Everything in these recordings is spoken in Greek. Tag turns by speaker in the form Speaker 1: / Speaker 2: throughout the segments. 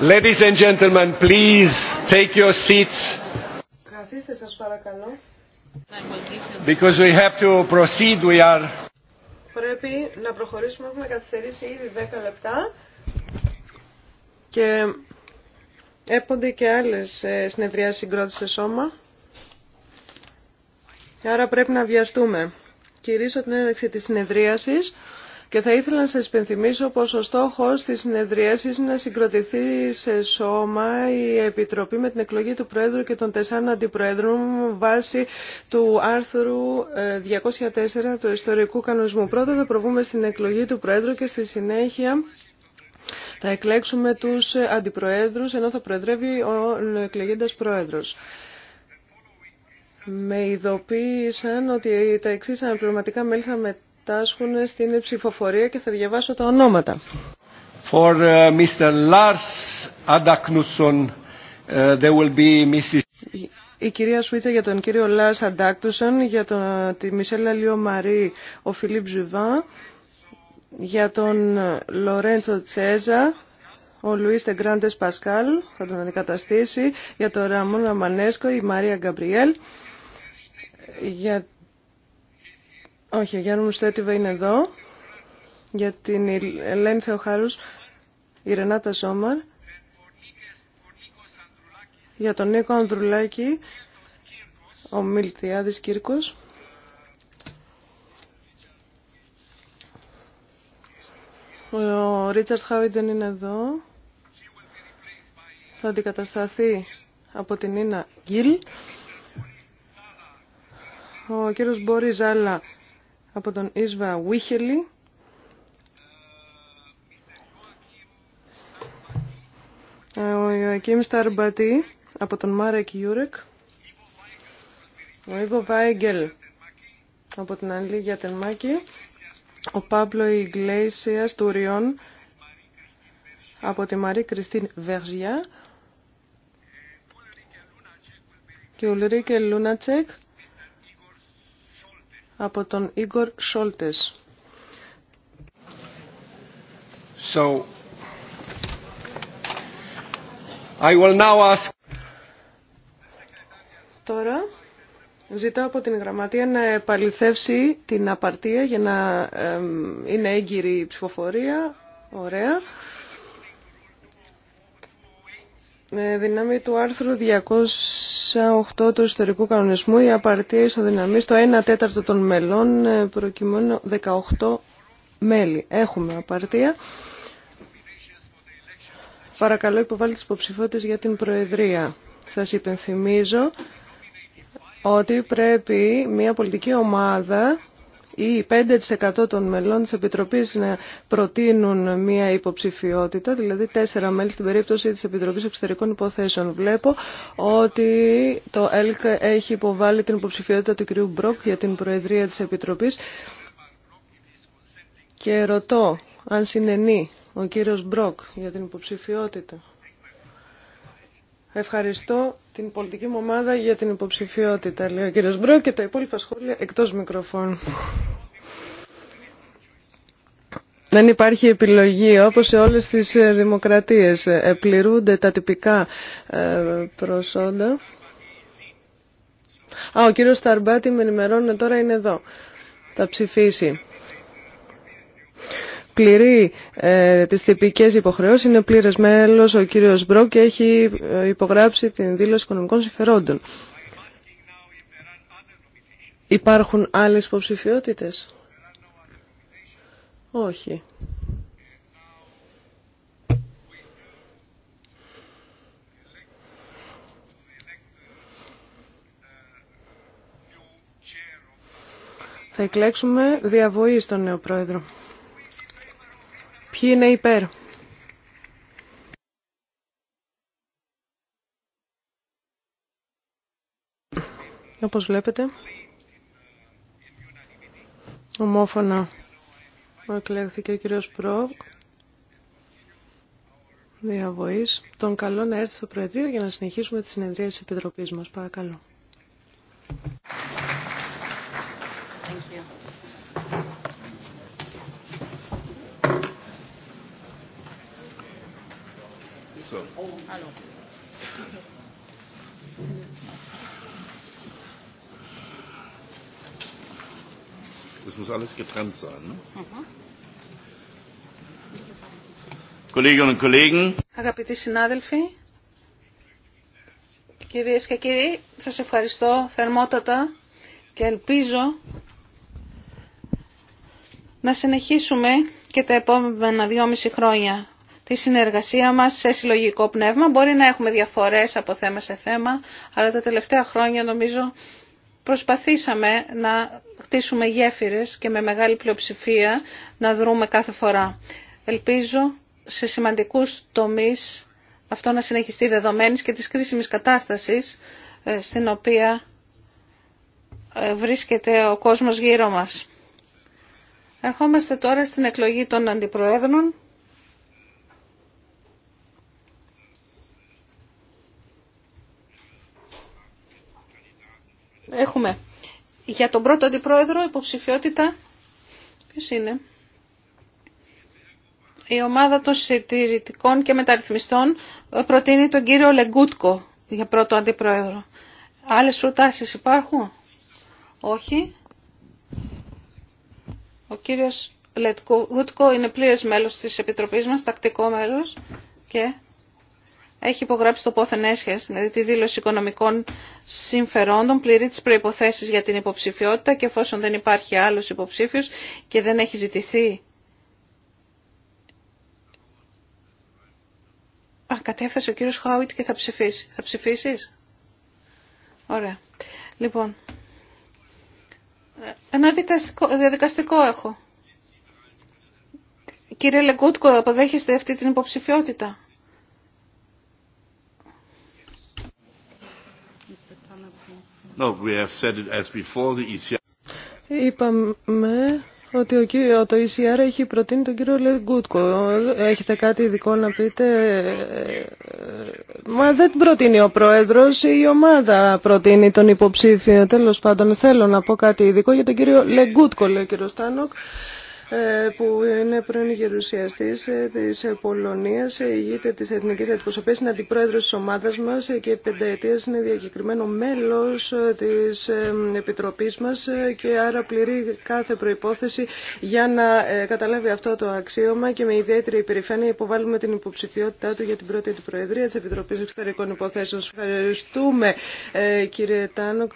Speaker 1: Ladies and gentlemen, please take your seats. Καθίστε σας παρακαλώ. Because we have to proceed, we are...
Speaker 2: Πρέπει να προχωρήσουμε, έχουμε καθυστερήσει ήδη 10 λεπτά και έπονται και άλλες ε, συνεδριάσεις συγκρότησης σε σώμα. Άρα πρέπει να βιαστούμε. Κυρίσω την έναρξη της συνεδρίασης. Και θα ήθελα να σας υπενθυμίσω πως ο στόχος της συνεδρίασης είναι να συγκροτηθεί σε σώμα η Επιτροπή με την εκλογή του Πρόεδρου και των τεσσάρων αντιπροέδρων βάσει του άρθρου 204 ε, του ιστορικού κανονισμού. Πρώτα θα προβούμε στην εκλογή του Πρόεδρου και στη συνέχεια θα εκλέξουμε τους αντιπροέδρους ενώ θα προεδρεύει ο εκλεγέντας πρόεδρος. Με ειδοποίησαν ότι τα εξής αναπληρωματικά μέλη θα συμμετάσχουν στην ψηφοφορία και θα διαβάσω τα ονόματα.
Speaker 1: For uh, Mr. Lars Adaknusson, uh, there will be Mrs.
Speaker 2: Η κυρία Σουίτσα για τον κύριο Λάρς Αντάκτουσον, για τον, τη Μισελα Λιό Μαρή, ο Φιλίπ Ζουβά, για τον ε, Λορέντσο Τσέζα, ο Λουίς Τεγκράντες Πασκάλ, θα τον αντικαταστήσει, για τον Ραμόν Ραμανέσκο, η Μαρία Γκαμπριέλ, για όχι, ο Γιάννη Μουστέτιβα είναι εδώ. Για την Ελένη Θεοχάρους, η Ρενάτα Σόμαρ. Για τον Νίκο Ανδρουλάκη, ο Μιλτιάδης Κύρκος. Ο Ρίτσαρτ Χάβιντ είναι εδώ. Θα αντικατασταθεί από την Ίνα Γκίλ. Ο κύριος Μπόρι Ζάλα από τον Ίσβα Βίχελη. Ο Ιωακίμ Σταρμπατή από τον Μάρεκ Ιούρεκ, Ο Ιβο Βάιγκελ από την Ανλή Γιατερμάκη. Ο Πάπλο Ιγκλέησιας του Ριών από τη Μαρή Κριστίν Βεργιά. Και ο Λουρίκε Λούνατσεκ από τον Ίγκορ Σόλτες.
Speaker 1: So, I will now ask...
Speaker 2: Τώρα ζητώ από την Γραμματεία να επαληθεύσει την απαρτία για να είναι έγκυρη η ψηφοφορία. Ωραία. Ε, δυνάμει του άρθρου 208 του ιστορικού κανονισμού η απαρτία ισοδυναμεί στο 1 τέταρτο των μελών ε, προκειμένου 18 μέλη. Έχουμε απαρτία. Παρακαλώ υποβάλει τις υποψηφότητες για την Προεδρία. Σας υπενθυμίζω ότι πρέπει μια πολιτική ομάδα ή 5% των μελών της Επιτροπής να προτείνουν μία υποψηφιότητα, δηλαδή 4 μέλη στην περίπτωση της Επιτροπής Εξωτερικών Υποθέσεων. Βλέπω ότι το ΕΛΚ έχει υποβάλει την υποψηφιότητα του κ. Μπροκ για την Προεδρία της Επιτροπής και ρωτώ αν συνενεί ο κύριος Μπροκ για την υποψηφιότητα. Ευχαριστώ την πολιτική μου ομάδα για την υποψηφιότητα, λέει ο κύριος Μπρό, και τα υπόλοιπα σχόλια εκτός μικροφώνου. Δεν υπάρχει επιλογή, όπως σε όλες τις ε, δημοκρατίες. Ε, πληρούνται τα τυπικά ε, προσόντα. Α, ο κύριος Σταρμπάτη με ενημερώνει τώρα είναι εδώ. Θα ψηφίσει πληρεί ε, τις τυπικές υποχρεώσεις, είναι πλήρες μέλος ο κύριος Μπρόκ και έχει ε, υπογράψει την δήλωση οικονομικών συμφερόντων. Υπάρχουν άλλες υποψηφιότητε. Όχι. Θα εκλέξουμε διαβοή στον νέο πρόεδρο. Ποιοι είναι υπέρ. Όπως βλέπετε, ομόφωνα εκλέχθηκε ο κύριος Πρό, διαβοής. Τον καλό να έρθει στο Προεδρείο για να συνεχίσουμε τη συνεδρία της Επιτροπής μας. Παρακαλώ.
Speaker 1: Das muss alles getrennt sein. Ne? Mhm. Kolleginnen und Kollegen.
Speaker 3: Αγαπητοί συνάδελφοι, κυρίες και κύριοι, σας ευχαριστώ θερμότατα και ελπίζω να συνεχίσουμε και τα επόμενα δυόμιση χρόνια τη συνεργασία μας σε συλλογικό πνεύμα. Μπορεί να έχουμε διαφορές από θέμα σε θέμα, αλλά τα τελευταία χρόνια νομίζω προσπαθήσαμε να χτίσουμε γέφυρες και με μεγάλη πλειοψηφία να δρούμε κάθε φορά. Ελπίζω σε σημαντικούς τομείς αυτό να συνεχιστεί δεδομένης και της κρίσιμης κατάστασης ε, στην οποία ε, βρίσκεται ο κόσμος γύρω μας. Ερχόμαστε τώρα στην εκλογή των αντιπροέδρων. έχουμε για τον πρώτο αντιπρόεδρο υποψηφιότητα. Ποιο είναι? Η ομάδα των συντηρητικών και μεταρρυθμιστών προτείνει τον κύριο Λεγκούτκο για πρώτο αντιπρόεδρο. Άλλες προτάσεις υπάρχουν? Όχι. Ο κύριος Λεγκούτκο είναι πλήρες μέλος της Επιτροπής μας, τακτικό μέλος και έχει υπογράψει το πόθεν έσχες, δηλαδή τη δήλωση οικονομικών συμφερόντων, πληρεί τις προϋποθέσεις για την υποψηφιότητα και εφόσον δεν υπάρχει άλλος υποψήφιος και δεν έχει ζητηθεί. Α, κατέφτασε ο κύριος Χάουιτ και θα ψηφίσει. Θα ψηφίσεις? Ωραία. Λοιπόν, ένα δικαστικό, διαδικαστικό έχω. Κύριε Λεγκούτκο, αποδέχεστε αυτή την υποψηφιότητα.
Speaker 1: E
Speaker 2: Είπαμε ότι ο, το ECR έχει προτείνει τον κύριο Λεγκούτκο. Έχετε κάτι ειδικό να πείτε. Ε, ε, μα δεν προτείνει ο πρόεδρος, η ομάδα προτείνει τον υποψήφιο. Τέλος πάντων θέλω να πω κάτι ειδικό για τον κύριο Λεγκούτκο, λέει ο κύριο Στάνοκ. Ε, που είναι πρώην γερουσιαστής ε, της Πολωνίας, ε, ηγείται τη Εθνική Αντιπροσωπή, είναι αντιπρόεδρο τη ομάδα μα και πενταετία είναι διακεκριμένο μέλο τη επιτροπή μα και άρα πληρεί κάθε προπόθεση για να καταλάβει αυτό το αξίωμα και με ιδιαίτερη υπερηφάνεια υποβάλλουμε την υποψηφιότητά του για την πρώτη αντιπροεδρία τη Επιτροπή Εξωτερικών Υποθέσεων. Σας ευχαριστούμε κύριε Τάνοκ.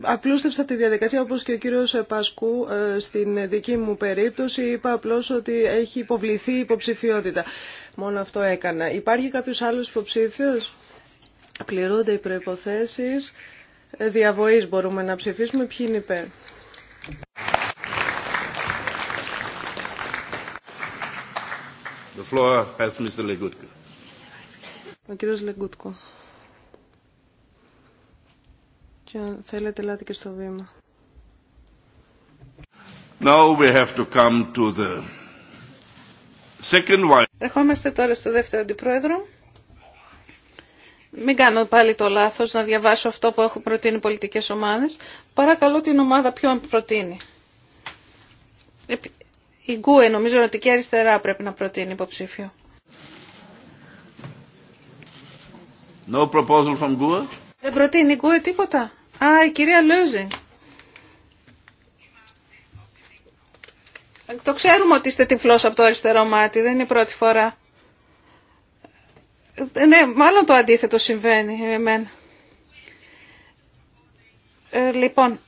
Speaker 2: Απλούστευσα τη διαδικασία όπω και ο κύριο Πασκού στην δική μου μου περίπτωση είπα απλώς ότι έχει υποβληθεί η υποψηφιότητα. Μόνο αυτό έκανα. Υπάρχει κάποιος άλλος υποψήφιος. Πληρούνται οι προϋποθέσεις. Ε, διαβοής μπορούμε να ψηφίσουμε. Ποιοι είναι υπέρ.
Speaker 1: The
Speaker 2: Ο κύριος Λεγκούτκο. Και αν θέλετε, ελάτε και στο βήμα.
Speaker 1: Now we have to come
Speaker 3: Ερχόμαστε τώρα στο δεύτερο αντιπρόεδρο. Μην κάνω πάλι το λάθος να διαβάσω αυτό που έχουν προτείνει οι πολιτικές ομάδες. Παρακαλώ την ομάδα ποιον προτείνει. Η Γκουε νομίζω ότι και αριστερά πρέπει να προτείνει υποψήφιο.
Speaker 1: No from
Speaker 3: Δεν προτείνει η Γκουε τίποτα. Α, η κυρία Λούζιν. Το ξέρουμε ότι είστε τυφλός από το αριστερό μάτι, δεν είναι η πρώτη φορά. Ε, ναι, μάλλον το αντίθετο συμβαίνει με εμένα. Ε, λοιπόν,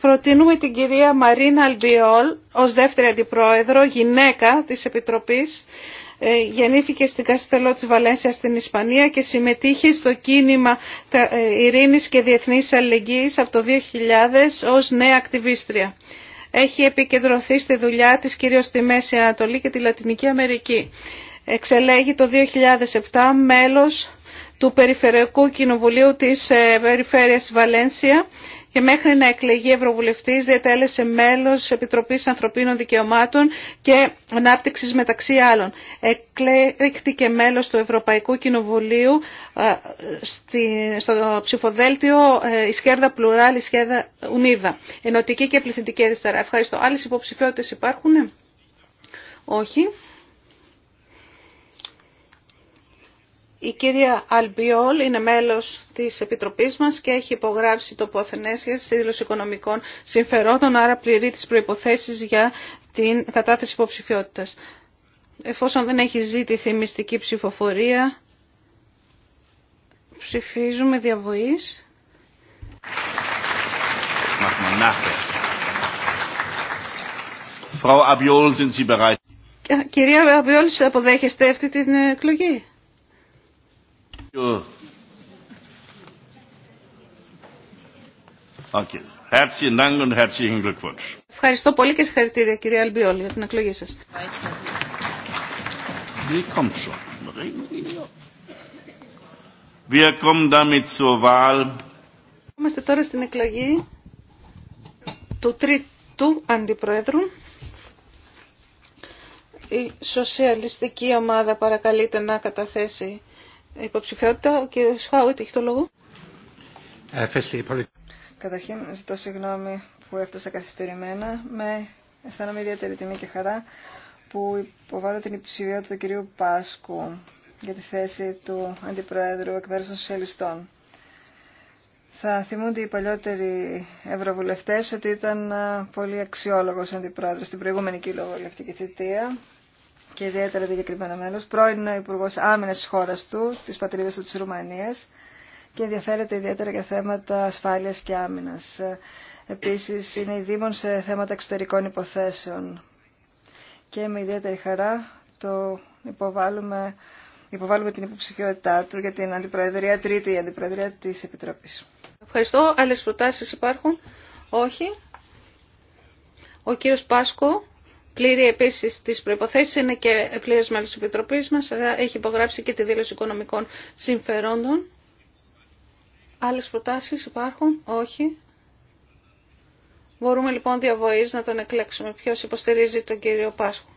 Speaker 3: προτείνουμε την κυρία Μαρίνα Αλμπιόλ ως δεύτερη αντιπρόεδρο, γυναίκα της Επιτροπής. Ε, γεννήθηκε στην Καστελό της Βαλένσια στην Ισπανία και συμμετείχε στο κίνημα ειρήνης και διεθνής αλληλεγγύης από το 2000 ως νέα ακτιβίστρια έχει επικεντρωθεί στη δουλειά της κυρίως στη Μέση Ανατολή και τη Λατινική Αμερική. Εξελέγει το 2007 μέλος του Περιφερειακού Κοινοβουλίου της ε, Περιφέρειας Βαλένσια και μέχρι να εκλεγεί Ευρωβουλευτής διατέλεσε μέλος Επιτροπής Ανθρωπίνων Δικαιωμάτων και ανάπτυξη μεταξύ άλλων. Εκλέκτηκε μέλο του Ευρωπαϊκού Κοινοβουλίου ε, στο ψηφοδέλτιο Ισχέρδα ε, Πλουράλ, Ισχέρδα Ουνίδα. Ενωτική και πληθυντική αριστερά. Ευχαριστώ. Άλλε υποψηφιότητε υπάρχουν. Όχι. Η κυρία Αλμπιόλ είναι μέλος της Επιτροπής μας και έχει υπογράψει το Ποθενές για σύνδεση Οικονομικών Συμφερόντων, άρα πληρεί τις προϋποθέσεις για την κατάθεση υποψηφιότητα. Εφόσον δεν έχει ζήτηθει μυστική ψηφοφορία, ψηφίζουμε διαβοής. Κυρία Αμπιόλ, αποδέχεστε αυτή την εκλογή. Ευχαριστώ πολύ και συγχαρητήρια κυρία Αλμπιόλη για την εκλογή σας. Είμαστε τώρα στην εκλογή του τρίτου αντιπρόεδρου. Η σοσιαλιστική ομάδα παρακαλείται να καταθέσει υποψηφιότητα. Ο κύριος Χάουιτ έχει το λόγο.
Speaker 4: Ε, Καταρχήν ζητώ συγγνώμη που έφτασα καθυστερημένα. Με αισθάνομαι ιδιαίτερη τιμή και χαρά που υποβάλλω την υποψηφιότητα του κυρίου Πάσκου για τη θέση του Αντιπροέδρου εκ των Σοσιαλιστών. Θα θυμούνται οι παλιότεροι ευρωβουλευτές ότι ήταν ε, πολύ αξιόλογος αντιπρόεδρος στην προηγούμενη κοινοβουλευτική θητεία και ιδιαίτερα διακεκριμένο μέλο, πρώην Υπουργό Άμυνα τη χώρα του, τη πατρίδα του τη Ρουμανία και ενδιαφέρεται ιδιαίτερα για θέματα ασφάλεια και άμυνα. Επίση είναι η Δήμον σε θέματα εξωτερικών υποθέσεων. Και με ιδιαίτερη χαρά το υποβάλλουμε, υποβάλλουμε την υποψηφιότητά του για την αντιπροεδρία, τρίτη αντιπροεδρία τη Επιτροπή.
Speaker 3: Ευχαριστώ. Άλλε προτάσει υπάρχουν. Όχι. Ο κύριος Πάσκο Πλήρη επίση τι προποθέσει, είναι και πλήρε μέλο τη Επιτροπή μα, αλλά έχει υπογράψει και τη δήλωση οικονομικών συμφερόντων. Άλλε προτάσει υπάρχουν, όχι. Μπορούμε λοιπόν διαβοή να τον εκλέξουμε. Ποιο υποστηρίζει τον κύριο Πάσχου.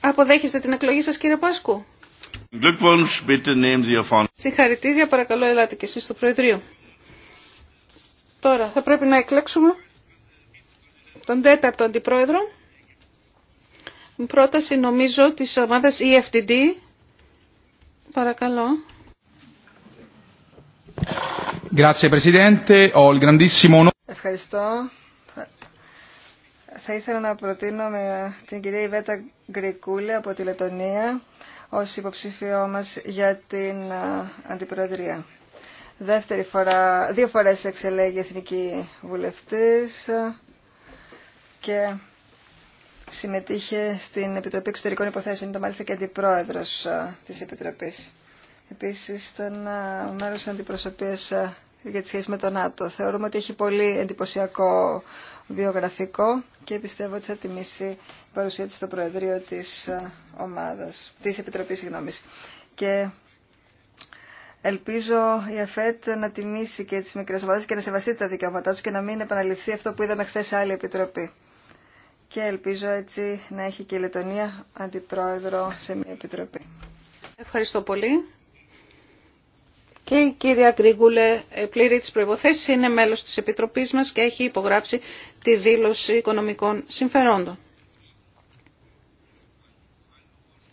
Speaker 3: Αποδέχεστε την εκλογή σας κύριε Πάσκου. Συγχαρητήρια, παρακαλώ ελάτε και εσείς στο Προεδρείο. Τώρα θα πρέπει να εκλέξουμε τον τέταρτο αντιπρόεδρο. Με πρόταση νομίζω της ομάδας EFTD. Παρακαλώ.
Speaker 4: Ευχαριστώ. Θα ήθελα να προτείνω με την κυρία Ιβέτα Γκρικούλη από τη Λετωνία ως υποψηφιό μας για την ε, Αντιπροεδρία. Δεύτερη φορά, δύο φορές εξελέγει εθνική βουλευτής και συμμετείχε στην Επιτροπή Εξωτερικών Υποθέσεων, ήταν μάλιστα και αντιπρόεδρος ε, της Επιτροπής. Επίσης ήταν ε, μέρος αντιπροσωπείας για τις σχέση με τον ΝΑΤΟ. Θεωρούμε ότι έχει πολύ εντυπωσιακό βιογραφικό και πιστεύω ότι θα τιμήσει η παρουσία της στο Προεδρείο της ε, ομάδας, της Επιτροπής, συγγνώμης. Και ελπίζω η ΑΦΕΤ να τιμήσει και τις μικρές ομάδες και να σεβαστεί τα δικαιώματά τους και να μην επαναληφθεί αυτό που είδαμε χθε άλλη Επιτροπή. Και ελπίζω έτσι να έχει και η Λετωνία αντιπρόεδρο σε μια Επιτροπή. Ευχαριστώ πολύ. Και η
Speaker 3: κυρία Γκρίγκουλε ε, πλήρη τις προϋποθέσεις, είναι μέλος της Επιτροπής μας και έχει υπογράψει τη δήλωση οικονομικών συμφερόντων.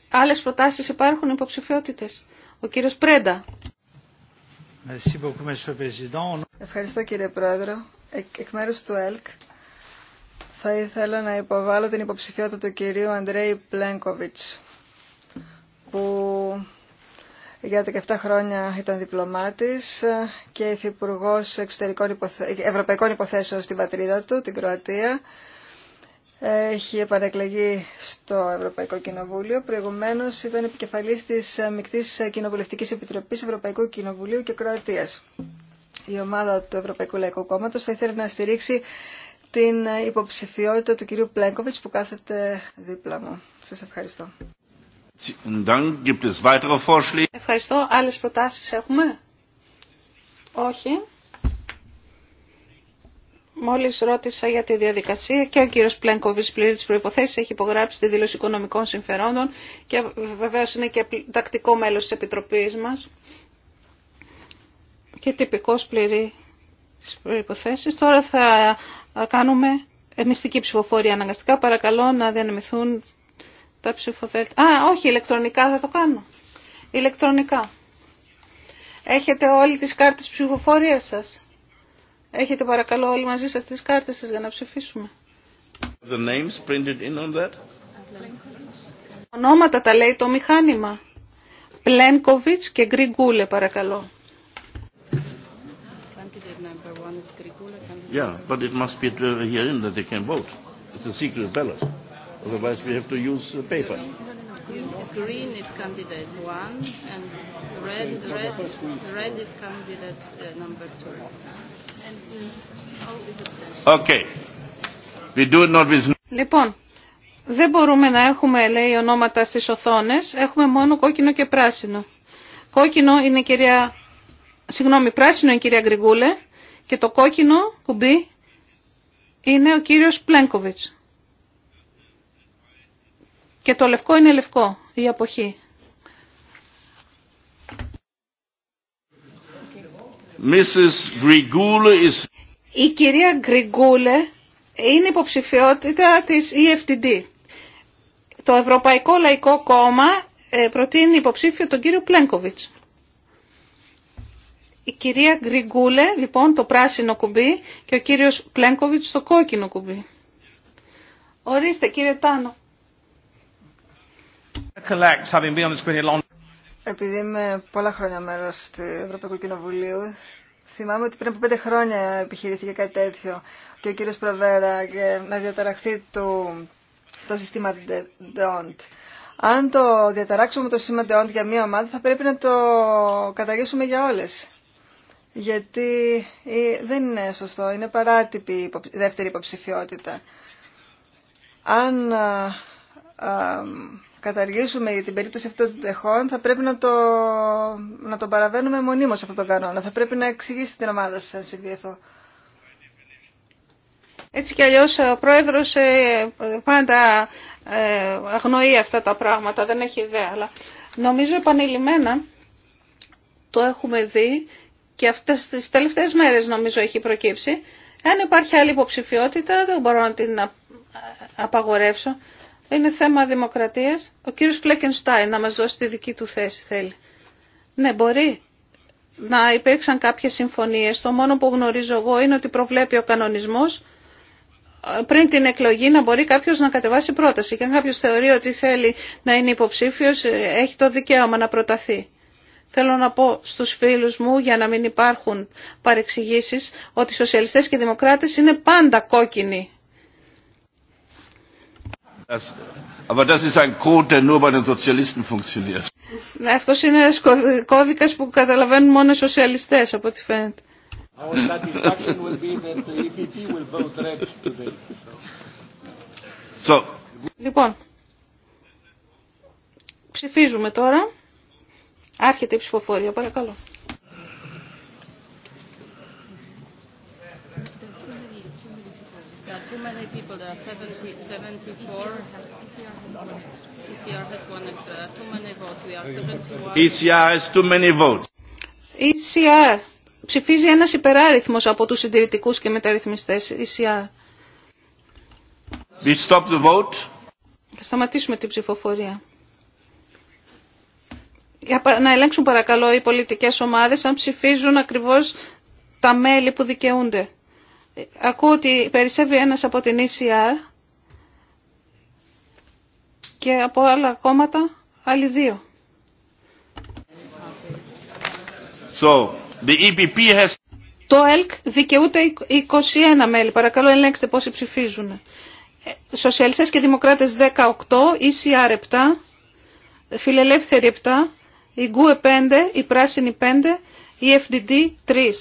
Speaker 3: Άλλες προτάσεις υπάρχουν υποψηφιότητες. Ο κύριος Πρέντα.
Speaker 4: Ευχαριστώ κύριε Πρόεδρο. Εκ μέρου του ΕΛΚ θα ήθελα να υποβάλω την υποψηφιότητα του κυρίου Αντρέη Πλένκοβιτς. Για 17 χρόνια ήταν διπλωμάτης και υφυπουργό υποθε... ευρωπαϊκών υποθέσεων στην πατρίδα του, την Κροατία. Έχει επανεκλεγεί στο Ευρωπαϊκό Κοινοβούλιο. Προηγουμένως ήταν επικεφαλής της Μικτής Κοινοβουλευτικής Επιτροπής Ευρωπαϊκού Κοινοβουλίου και Κροατίας. Η ομάδα του Ευρωπαϊκού Λαϊκού Κόμματος θα ήθελε να στηρίξει την υποψηφιότητα του κυρίου Πλέγκοβιτς που κάθεται δίπλα μου. Σας ευχαριστώ. Ευχαριστώ. Άλλες προτάσεις έχουμε?
Speaker 3: Όχι. Μόλις ρώτησα για τη διαδικασία και ο κύριος Πλένκοβιτς πλήρη τις προϋποθέσεις έχει υπογράψει τη δήλωση οικονομικών συμφερόντων και βεβαίως είναι και τακτικό μέλος της Επιτροπής μας και τυπικός πλήρη τις προϋποθέσεις. Τώρα θα κάνουμε μυστική ψηφοφορία αναγκαστικά. Παρακαλώ να διανεμηθούν τα ψηφοδέλτια. Α, όχι, ηλεκτρονικά θα το κάνω. Ηλεκτρονικά. Έχετε όλοι τις κάρτες ψηφοφορίας σας. Έχετε παρακαλώ όλοι μαζί σας τις κάρτες σας για να ψηφίσουμε.
Speaker 1: The names printed in on that.
Speaker 3: Ονόματα τα λέει το μηχάνημα. Πλένκοβιτς και Γκριγκούλε παρακαλώ.
Speaker 1: Yeah, but it must be here in that they can vote. It's a secret ballot. Otherwise, we have to use paper. Green is candidate one, and red, red, red is candidate uh, number two. Uh, okay. We do not with...
Speaker 3: Λοιπόν, δεν μπορούμε να έχουμε, λέει, ονόματα στις οθόνες. Έχουμε μόνο κόκκινο και πράσινο. Κόκκινο είναι κυρία... Συγγνώμη, πράσινο είναι η κυρία Γκριγκούλε και το κόκκινο κουμπί είναι ο κύριος Πλένκοβιτς. Και το λευκό είναι λευκό, η αποχή.
Speaker 1: Mrs. Is...
Speaker 3: Η κυρία Γκριγκούλε είναι υποψηφιότητα της EFTD. Το Ευρωπαϊκό Λαϊκό Κόμμα ε, προτείνει υποψήφιο τον κύριο Πλένκοβιτς. Η κυρία Γκριγκούλε, λοιπόν, το πράσινο κουμπί και ο κύριος Πλένκοβιτς το κόκκινο
Speaker 4: κουμπί. Ορίστε κύριε Τάνο. Επειδή είμαι πολλά χρόνια μέρο του Ευρωπαϊκού Κοινοβουλίου, θυμάμαι ότι πριν από πέντε χρόνια επιχειρήθηκε κάτι τέτοιο και ο κύριο Προβέρα και να διαταραχθεί το, το σύστημα DONT. Αν το διαταράξουμε το σύστημα DONT για μία ομάδα, θα πρέπει να το καταργήσουμε για όλε. Γιατί ε, δεν είναι σωστό, είναι παράτυπη η δεύτερη υποψηφιότητα. Αν ε, ε, καταργήσουμε για την περίπτωση αυτών των τεχών, θα πρέπει να το, να το παραβαίνουμε μονίμως αυτό τον κανόνα. Θα πρέπει να εξηγήσει την ομάδα σας αν συμβεί αυτό. Έτσι
Speaker 3: κι αλλιώς ο πρόεδρος ε, πάντα ε, αγνοεί αυτά τα πράγματα, δεν έχει ιδέα. Αλλά νομίζω επανειλημμένα το έχουμε δει και αυτές τις τελευταίες μέρες νομίζω έχει προκύψει. Αν υπάρχει άλλη υποψηφιότητα δεν μπορώ να την απαγορεύσω. Είναι θέμα δημοκρατίας. Ο κύριος Φλέκενστάιν να μας δώσει τη δική του θέση θέλει. Ναι, μπορεί να υπήρξαν κάποιες συμφωνίες. Το μόνο που γνωρίζω εγώ είναι ότι προβλέπει ο κανονισμός ε, πριν την εκλογή να μπορεί κάποιο να κατεβάσει πρόταση. Και αν κάποιο θεωρεί ότι θέλει να είναι υποψήφιο, ε, έχει το δικαίωμα να προταθεί. Θέλω να πω στους φίλους μου, για να μην υπάρχουν παρεξηγήσεις, ότι οι σοσιαλιστές και οι δημοκράτες είναι πάντα κόκκινοι. Αυτό ναι, Αυτός είναι ένα κώδικα που καταλαβαίνουν μόνο οι σοσιαλιστέ, από ό,τι φαίνεται.
Speaker 1: E λοιπόν,
Speaker 3: ψηφίζουμε τώρα. Άρχεται η ψηφοφορία, παρακαλώ.
Speaker 1: many people? There are 70, 74. ECR has one extra. There are Too many votes. We are 71. ECR has too many votes.
Speaker 3: ECR. Ψηφίζει ένας υπεράριθμος από τους συντηρητικούς και μεταρρυθμιστές. ECR.
Speaker 1: We stop the vote.
Speaker 3: Θα σταματήσουμε την ψηφοφορία. Για να ελέγξουν παρακαλώ οι πολιτικές ομάδες αν ψηφίζουν ακριβώς τα μέλη που δικαιούνται. Ακούω ότι περισσεύει ένας από την ECR και από άλλα κόμματα άλλοι δύο.
Speaker 1: So, the EPP has...
Speaker 3: Το ΕΛΚ δικαιούται 21 μέλη. Παρακαλώ ελέγξτε πόσοι ψηφίζουν. Ε, σοσιαλιστές και Δημοκράτες 18, ECR 7, Φιλελεύθεροι 7, η ΓΚΟΕ e 5, η Πράσινη 5, η FDD 3.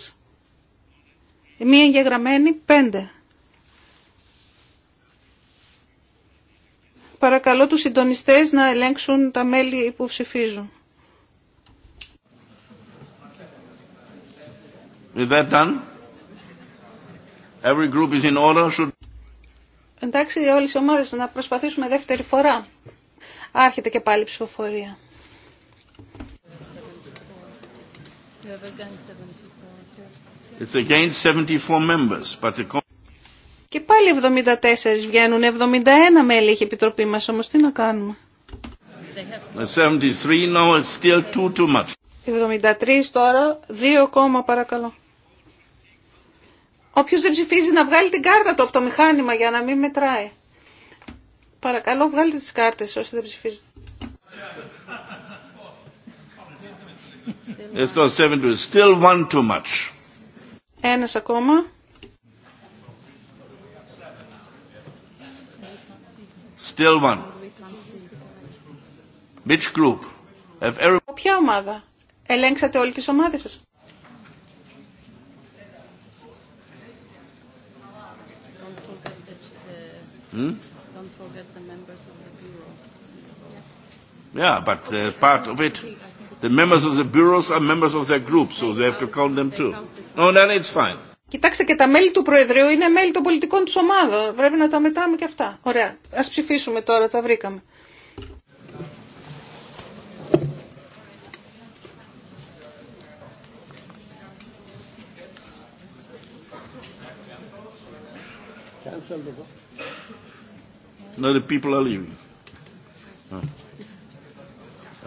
Speaker 3: Μία εγγεγραμμένη πέντε. Παρακαλώ τους συντονιστές να ελέγξουν τα μέλη που ψηφίζουν.
Speaker 1: Is that done? Every group is in order. Should...
Speaker 3: Εντάξει, όλες οι ομάδες να προσπαθήσουμε δεύτερη φορά. Άρχεται και πάλι η ψηφοφορία.
Speaker 1: It's again 74 members, but the...
Speaker 3: Και πάλι 74 βγαίνουν, 71 μέλη έχει η Επιτροπή μας, όμως τι να κάνουμε.
Speaker 1: 73, no, it's still too, too much.
Speaker 3: 73 τώρα, 2 κόμμα παρακαλώ. Όποιος δεν ψηφίζει να βγάλει την κάρτα του από το μηχάνημα για να μην μετράει. Παρακαλώ βγάλτε τις κάρτες όσοι δεν ψηφίζετε.
Speaker 1: It's not 72, still one too much.
Speaker 3: Ένας ακόμα.
Speaker 1: Still one. Which group? Have every...
Speaker 3: Ποια ομάδα? Ελέγξατε όλη τις ομάδες σας.
Speaker 1: Hmm? Don't forget the members of the bureau. Yeah, but uh, part of it, the members of the bureaus are members of their group, so they have to count them too. No, no, it's fine.
Speaker 3: Κοιτάξτε και τα μέλη του Προεδρείου είναι μέλη των πολιτικών του ομάδων. Πρέπει να τα μετράμε και αυτά. Ωραία. Α ψηφίσουμε τώρα, τα βρήκαμε.
Speaker 1: No, the people are leaving.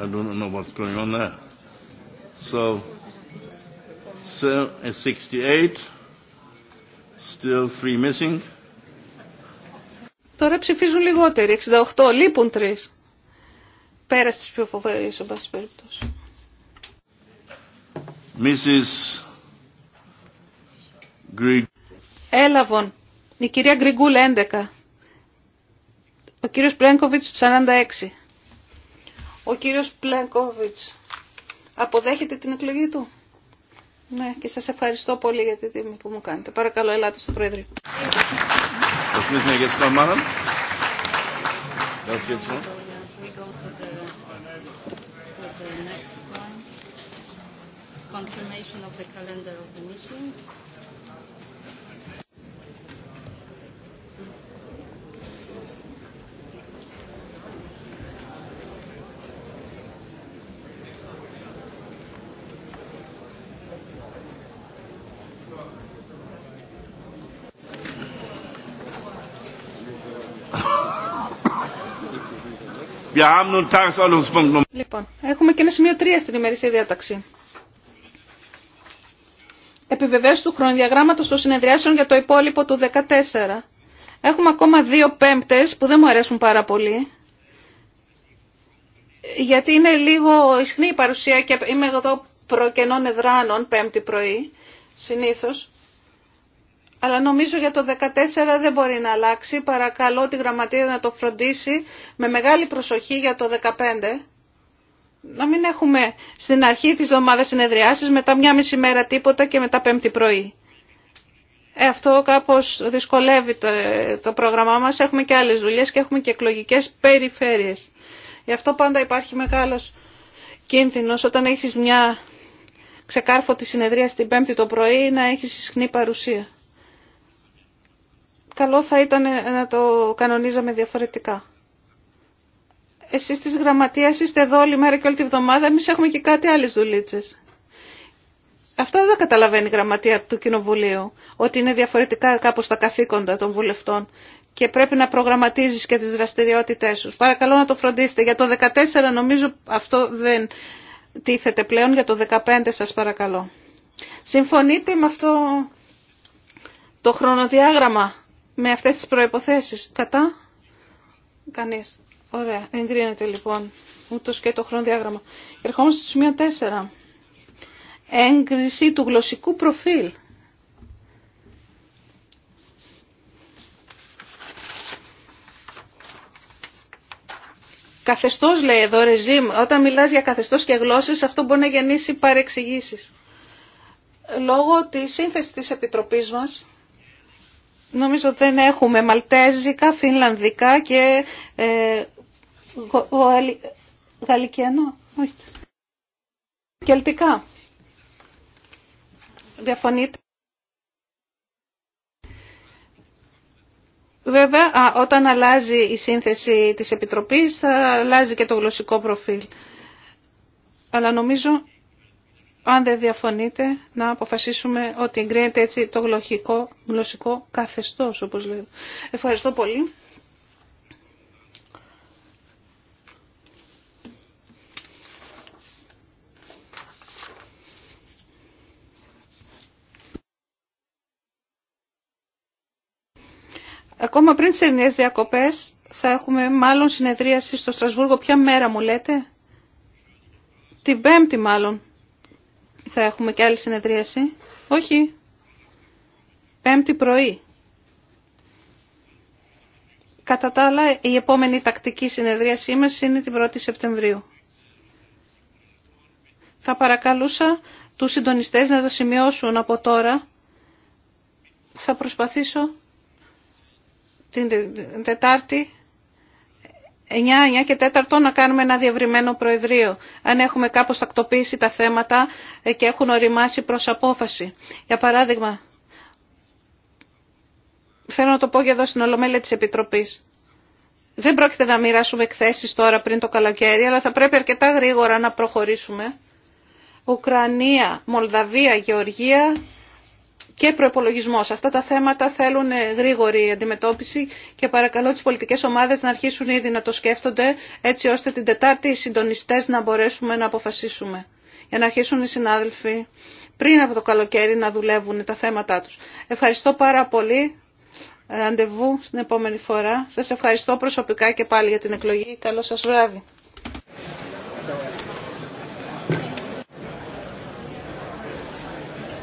Speaker 1: I don't know what's going on there. So.
Speaker 3: Τώρα ψηφίζουν λιγότεροι. 68. Λείπουν τρεις. Πέρα στις φοβερές, σε πάση περίπτωση.
Speaker 1: Mrs.
Speaker 3: Έλαβον. Η κυρία Γκριγκούλ 11. Ο κύριος Πλένκοβιτς 46. Ο κύριος Πλένκοβιτς αποδέχεται την εκλογή του. Ναι, και σας ευχαριστώ πολύ για τη τιμή που μου κάνετε. Παρακαλώ, ελάτε στο πρόεδρο. Λοιπόν, έχουμε και ένα σημείο 3 στην ημερήσια διάταξη. Επιβεβαίωση του χρονοδιαγράμματος των συνεδριάσεων για το υπόλοιπο του 14. Έχουμε ακόμα δύο πέμπτες που δεν μου αρέσουν πάρα πολύ. Γιατί είναι λίγο ισχνή η παρουσία και είμαι εδώ προκενών εδράνων πέμπτη πρωί, συνήθως αλλά νομίζω για το 14 δεν μπορεί να αλλάξει. Παρακαλώ τη γραμματεία να το φροντίσει με μεγάλη προσοχή για το 15. Να μην έχουμε στην αρχή της εβδομάδα συνεδριάσεις, μετά μια μισή μέρα τίποτα και μετά πέμπτη πρωί. Ε, αυτό κάπως δυσκολεύει το, πρόγραμμά μας. Έχουμε και άλλες δουλειές και έχουμε και εκλογικές περιφέρειες. Γι' αυτό πάντα υπάρχει μεγάλος κίνδυνος όταν έχεις μια ξεκάρφωτη συνεδρία στην πέμπτη το πρωί να έχεις συχνή παρουσία καλό θα ήταν να το κανονίζαμε διαφορετικά. Εσείς της γραμματείας είστε εδώ όλη μέρα και όλη τη βδομάδα, εμείς έχουμε και κάτι άλλες δουλίτσες. Αυτό δεν καταλαβαίνει η γραμματεία του Κοινοβουλίου, ότι είναι διαφορετικά κάπως τα καθήκοντα των βουλευτών και πρέπει να προγραμματίζεις και τις δραστηριότητές σου. Παρακαλώ να το φροντίσετε. Για το 14 νομίζω αυτό δεν τίθεται πλέον, για το 15 σας παρακαλώ. Συμφωνείτε με αυτό το χρονοδιάγραμμα με αυτές τις προϋποθέσεις. Κατά κανείς. Ωραία, εγκρίνεται λοιπόν ούτως και το χρονοδιάγραμμα. Ερχόμαστε στο σημείο 4. Έγκριση του γλωσσικού προφίλ. Καθεστώς λέει εδώ ρεζίμ. Όταν μιλάς για καθεστώς και γλώσσες αυτό μπορεί να γεννήσει παρεξηγήσεις. Λόγω της σύνθεσης της Επιτροπής μας Νομίζω ότι δεν έχουμε μαλτέζικα, φινλανδικά και ε, γαλλικιανό. Κελτικά. Διαφωνείτε. Βέβαια, όταν αλλάζει η σύνθεση της Επιτροπής θα αλλάζει και το γλωσσικό προφίλ. Αλλά νομίζω αν δεν διαφωνείτε, να αποφασίσουμε ότι εγκρίνεται έτσι το γλωσσικό, γλωσσικό καθεστώς, όπως λέω. Ευχαριστώ πολύ. Ακόμα πριν τις ελληνικές διακοπές θα έχουμε μάλλον συνεδρίαση στο Στρασβούργο. Ποια μέρα μου λέτε? Την πέμπτη μάλλον. Θα έχουμε και άλλη συνεδρίαση. Όχι. Πέμπτη πρωί. Κατά τα άλλα, η επόμενη τακτική συνεδρίασή μας είναι την 1η Σεπτεμβρίου. Θα παρακαλούσα τους συντονιστές να το σημειώσουν από τώρα. Θα προσπαθήσω την Τετάρτη 9, 9 και 4 να κάνουμε ένα διευρυμένο προεδρείο, αν έχουμε κάπως τακτοποιήσει τα θέματα ε, και έχουν οριμάσει προς απόφαση. Για παράδειγμα, θέλω να το πω και εδώ στην Ολομέλεια της Επιτροπής. Δεν πρόκειται να μοιράσουμε εκθέσεις τώρα πριν το καλοκαίρι, αλλά θα πρέπει αρκετά γρήγορα να προχωρήσουμε. Ουκρανία, Μολδαβία, Γεωργία, και προπολογισμό. Αυτά τα θέματα θέλουν ε, γρήγορη αντιμετώπιση και παρακαλώ τι πολιτικέ ομάδε να αρχίσουν ήδη να το σκέφτονται έτσι ώστε την Τετάρτη οι συντονιστέ να μπορέσουμε να αποφασίσουμε. Για να αρχίσουν οι συνάδελφοι πριν από το καλοκαίρι να δουλεύουν τα θέματα τους. Ευχαριστώ πάρα πολύ. Ραντεβού στην επόμενη φορά. Σας ευχαριστώ προσωπικά και πάλι για την εκλογή. Καλό σας βράδυ.